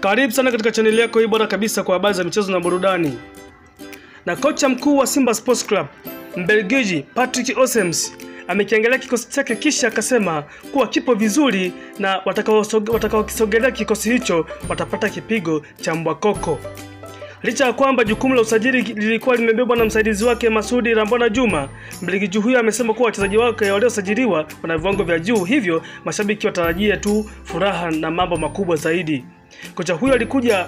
Karibu sana katika chaneli yako hii bora kabisa kwa habari za michezo na burudani. Na kocha mkuu wa Simba Sports Club Mbelgiji Patrick Osems amekiangalia kikosi chake kisha akasema kuwa kipo vizuri na watakaokisogelea kikosi hicho watapata kipigo cha mbwakoko. Licha ya kwamba jukumu la usajili lilikuwa limebebwa na msaidizi wake Masudi Rambona Juma, mbelgiji huyo amesema kuwa wachezaji wake waliosajiliwa wana viwango vya juu, hivyo mashabiki watarajie tu furaha na mambo makubwa zaidi. Kocha huyo alikuja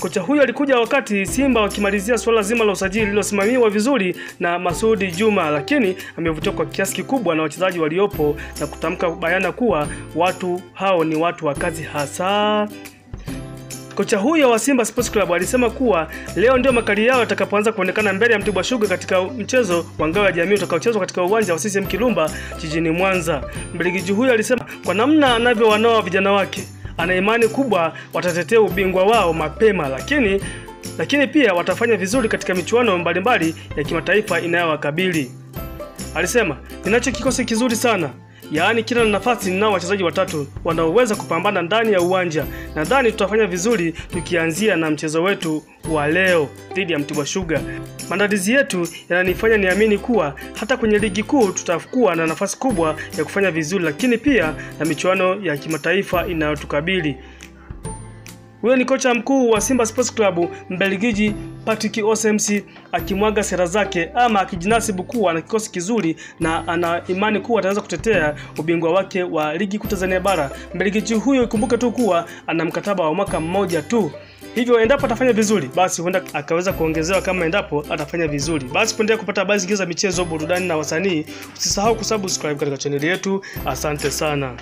kocha huyo alikuja wakati Simba wakimalizia suala zima la usajili lililosimamiwa vizuri na Masudi Juma, lakini amevutiwa kwa kiasi kikubwa na wachezaji waliopo na kutamka bayana kuwa watu hao ni watu wa kazi hasa Kocha huyo wa Simba Sports Club alisema kuwa leo ndio makali yao atakapoanza kuonekana mbele ya Mtibwa shuga katika mchezo wa ngao ya jamii utakaochezwa katika uwanja wa CCM kilumba jijini Mwanza. Mbiligiji huyo alisema kwa namna anavyowanoa vijana wake ana imani kubwa watatetea ubingwa wao mapema, lakini lakini pia watafanya vizuri katika michuano mbalimbali ya kimataifa inayowakabili. Alisema, ninacho kikosi kizuri sana yaani kila nafasi ninao wachezaji watatu wanaoweza kupambana ndani ya uwanja. Nadhani tutafanya vizuri tukianzia na mchezo wetu wa leo dhidi ya Mtibwa Sugar. Maandalizi yetu yananifanya niamini kuwa hata kwenye ligi kuu tutakuwa na nafasi kubwa ya kufanya vizuri, lakini pia na michuano ya kimataifa inayotukabili. Huyo ni kocha mkuu wa Simba Sports Club Mbelgiji Patrick Osemsi akimwaga sera zake ama akijinasibu kuwa na kikosi kizuri na ana imani kuwa ataweza kutetea ubingwa wake wa ligi kuu Tanzania bara. Mbelgiji huyo ikumbuke tu kuwa ana mkataba wa mwaka mmoja tu. Hivyo endapo atafanya vizuri, basi huenda akaweza kuongezewa kama endapo atafanya vizuri. Basi kuendelea kupata habari zingine za michezo, burudani na wasanii, usisahau kusubscribe katika chaneli yetu. Asante sana.